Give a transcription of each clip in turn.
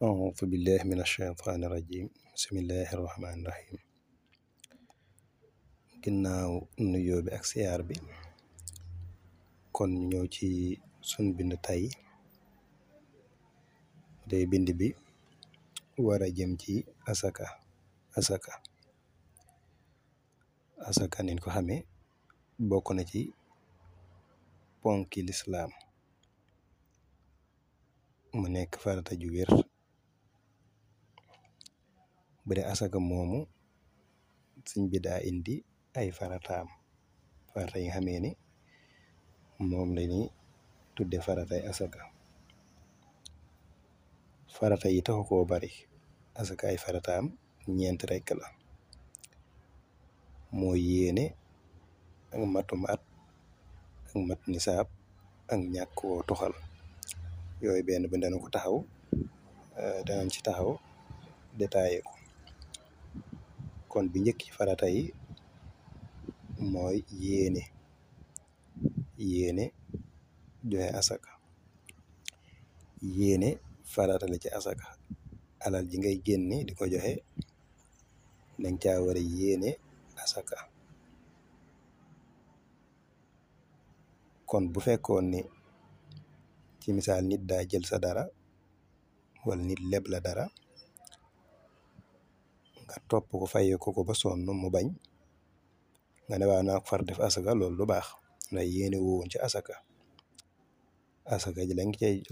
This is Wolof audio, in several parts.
audu billah min ashaytaan irajim bismillahi irrahmaani irahim ginnaaw nuyoo bi ak bi kon ñëw ci sun bind tey day bind bi wara a jëm ci asaka asaka asaka nin ko xamee bokk na ci ponki lislaam mu nekk farata ju bu dee asaka moomu sëñ bi daa indi ay farataam farata yi nga xamee ni moom la ñuy tudde faratay asaka farata yi taxu koo bari asaka ay farataam ñeent rekk la moo yéene ak matum at ak mat nisaab ak ñàkk woo tuxal yooyu benn bi dana ko taxaw eh, danañ ci taxaw détaillé kon bi njëkk ci farata mooy yéene yéene joxe asaka yéene farata la ci asaka alal ji ngay génne di ko joxe dang caa war yéene asaka kon bu fekkoon ni ci misaal nit daa jël sa dara wala nit leb la dara a topp ko faye ko ko ba sonn mu bañ nga ne waaw far def asaka loolu lu baax ndax yéene woon ci asaka asaka ji la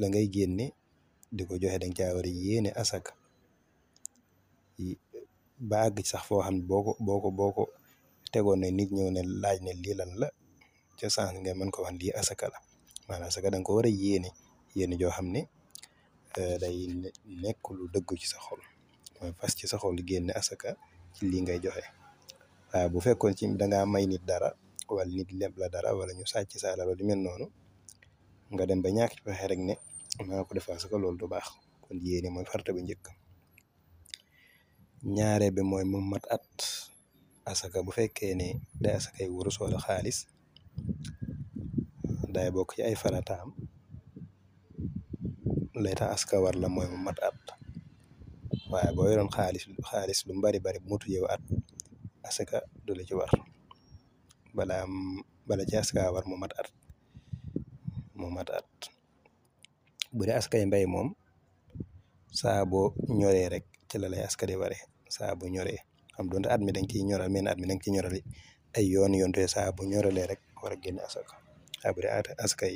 nga cay génne di ko joxe danga caa war a yéene asaka ba àgg sax foo xam ne boo ko boo ko boo ko tegoon ne nit ñëw ne laaj ne lii lan la ca sens nga mën ko wax lii asaka la maanaam asaka da nga ko war a yéene yéene joo xam ne eh, day nekk lu dëgg ci sa xol. mooy fas ci sa xol génne asaka ci lii ngay joxe waaw bu fekkoon ci dangaa may nit dara wala nit leb la dara wala ñu sàcc sa alal lu mel nga dem ba ñàkk xe rek ne maa ko defal asaka loolu du baax kon yéene mooy farta bu njëkk ñaare bi mooy mu mat at asaka bu fekkee ne day asakay wurus wala xaalis day bokk ci ay farataam lay tax aska war la mooy mu mat at waaye boo yoroon xaalis xaalis lu mu bari bari bu mu tujjee ba du la ci war balaa bala ci asaka war mu mat at mu at bu dee askay mbay moom saa boo ñoree rek ci la lay aska di ware saa ñoree xam doonte at mi da nga ciy ñoral meen at mi da nga ciy ñorali ay yoon yoon saa bu ñoralee rek war a génn asaka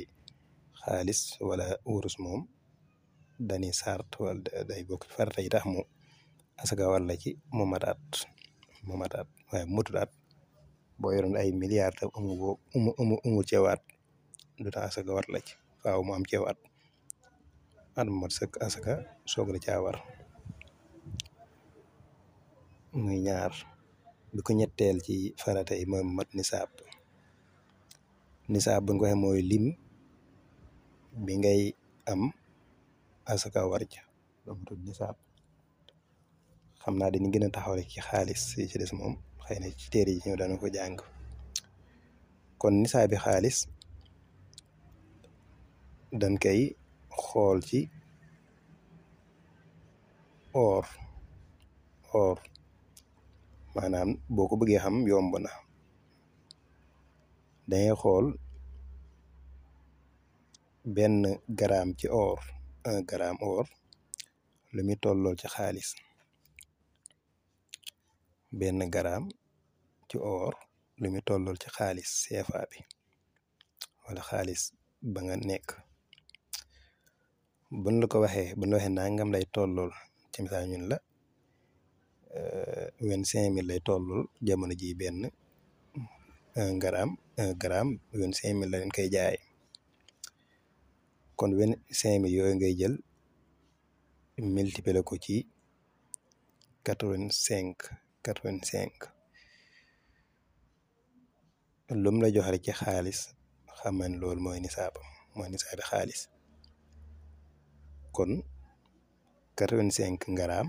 xaalis wala wurus moom dañuy sart wala day bokk farata yi mu asaka war la mu mat mu mat waaye mutul at boo yoroon ay milliards te amu boo amu amu amu ceewaat du tax war la ci faaw am ceewaat at mat sëkk asaka soog war muy ñaar bi ko ñetteel ci farata mat nisaab nisaab bu ñu ko waxee lim bi ngay am asaka war ca nisaab xam naa dañu gën a taxaw rek ci xaalis yi ci des moom xëy na ci téere yi ñëw dana ko jàng kon nisaabi xaalis dañ koy xool ci or or maanaam boo ko bëggee xam yomb na dangay xool benn garaam ci oor un gramme or lu tollool ci xaalis benn garaam ci or lu muy tollool ci xaalis CFA bi wala xaalis ba nga nekk buñ la ko waxee buñ waxe waxee nangam lay tollool ci misaal ñun la euh, vingt cinq mille lay tollool jamono ji benn un gramme un gramme vingt cinq mille la leen koy jaay kon vingt cinq mille yooyu ngay jël multiplier ko ci quatre vingt cinq quatre vingt cinq lum la jox rek ci xaalis xaman loolu mooy nisaabam mooy nisaabi xaalis kon quatre vingt cinq ngaram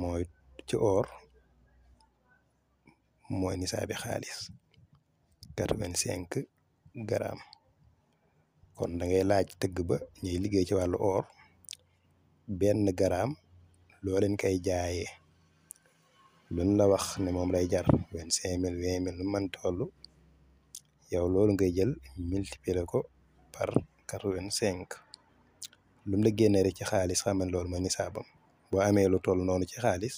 mooy ci or mooy nisaabi xaalis quatre vingt cinq garaam kon da ngay laaj tëgg ba ñuy liggéey ci wàllu or benn garaam loo leen koy jaayee luñ la wax ne moom lay jar vingt cinq mille vingt mille nu mën toll yow loolu ngay jël multiplier ko par quatre vingt cinq lu mu la génnee rek ci xaalis xam ne loolu mooy nisaabam boo amee lu toll noonu ci xaalis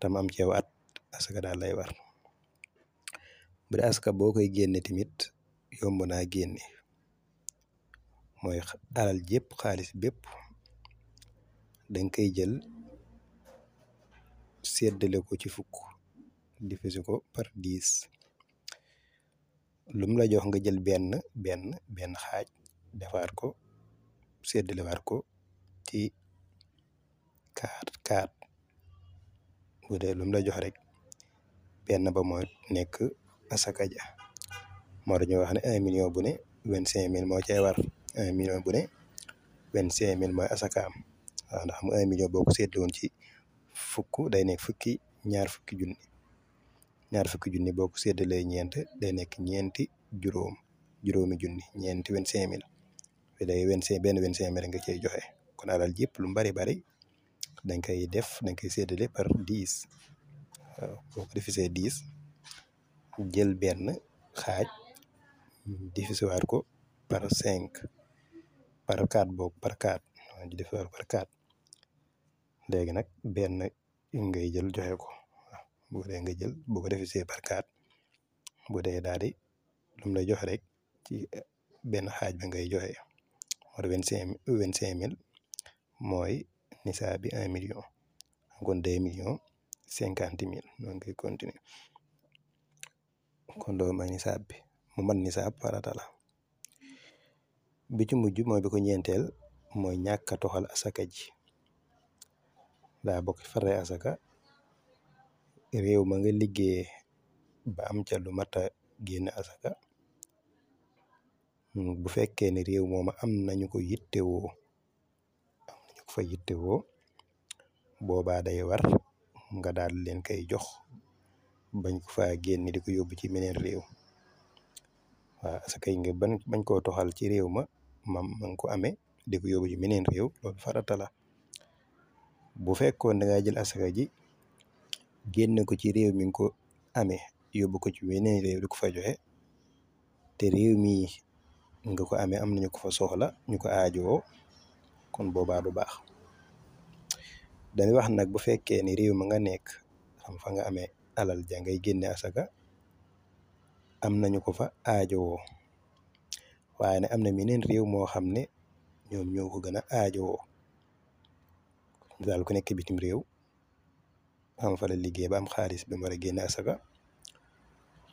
tam am ci yow at asaka daal lay war bu dee asaka boo koy génne tamit yomb naa génne. mooy alal jépp xaalis bépp dañ koy jël séddale ko ci fukk diffusé ko par diis lum la jox nga jël benn benn benn xaaj defaat ko séddalewaat ko ci kaat kaat bu lum la jox rek benn ba mooy nekk asaka ja moo dañu wax ne un million bu ne vingt cinq mille moo war un million bu ne vingt cinq mille mooy asakaam waaw ndax am un million boo ko seetloon ci fukk day nekk fukki ñaar fukki junni ñaar fukki junni boo ko séddalee ñeent day nekk ñeenti juróom juróomi junni ñeenti vingt cinq mille day vingt cinq benn vingt cinq nga cey joxe kon alal yëpp lu mu bari bari dañ koy def dañ koy séddale par dix waaw boo defisee dix jël benn xaaj diviser ko par cinq par barkaat boog barkaat waa ji dafa yor barkaat léegi nag benn ngay jël joxe ko waaw bu nga jël boo ko defee see barkaat bu dee daal di lu mu joxe rek ci eh, benn xaaj bi ngay joxe wala vingt cinq vingt cinq mille mooy nisaa bi un million kon de million cinquante mille noonu ngay continuer kon loolu mooy nisaab bi mu mat nisaab farata la bi ci mo mooy ñeenteel mooy ñàkk a toxal asaka ji daa bokk fare réew ma nga liggéey ba am ca lu mat a génn hmm, bu fekkee ne réew mooma am nañu ko yittewoo am nañu ko fa yittewoo boobaa day war nga daal leen koy jox bañ ko fa génn di ko yóbbu ci meneen réew waaw asaka yi bañ koo toxal ci réew ma mam ma nga ko amee di ko yóbbu ji meneen réew loolu farata la bu fekkoon da ngaa jël asaka ji génn ko ci réew mi nga ko amee yóbbu ko ci weneen réew di ko fajo joxe te réew mi nga ko amee am nañu ko fa soxla ñu ko aajowoo kon boobaa du baax dañuy wax nag bu fekkee ni réew ma nga nekk am fa nga amee alal ja ngay génne asaka am nañu ko fa aajowoo waaye nag am na meneen réew moo xam ne ñoom ñoo ko gën a aajowoo daal ko nekk bitim réew am fa la liggéey ba am xaalis bi mu war a génne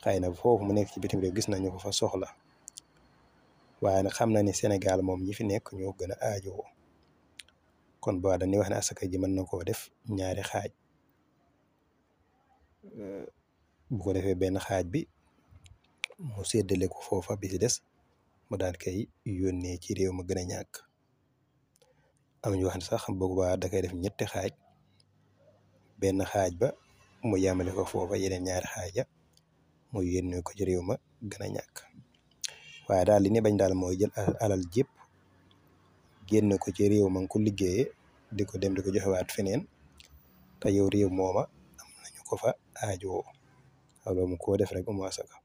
xëy na foofu mu nekk ci bitim gis nañu ko fa soxla waaye nag xam na ne Sénégal moom ñi fi nekk ñoo gën a aajowoo kon boo dañuy wax ne asaka ji mën na koo def ñaari xaaj bu ko defee benn xaaj bi mo séddale ko foofa bi ci des mu daal koy yónnee ci réew ma gën a ñàkk am ñu wax ne sax boobaa da koy def ñetti xaaj benn xaaj ba mu yàmmale ko foofa yeneen ñaari xaaja mu yónnee ko ci réew ma gën a ñàkk waaye daal li ne bañ daal mooy jël alal jépp génn ko ci réew ma ko liggéeyee di ko dem di ko joxewaat feneen te yow réew mooma am nañu ko fa aajowoo loolu mu ko def rek mu asaka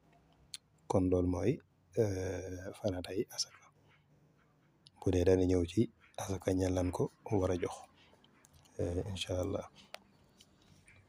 kon loolu mooy Eh, faratay asaka bu dee dañu ñëw ci asaka ñan lan ko war a jox eh, incha allah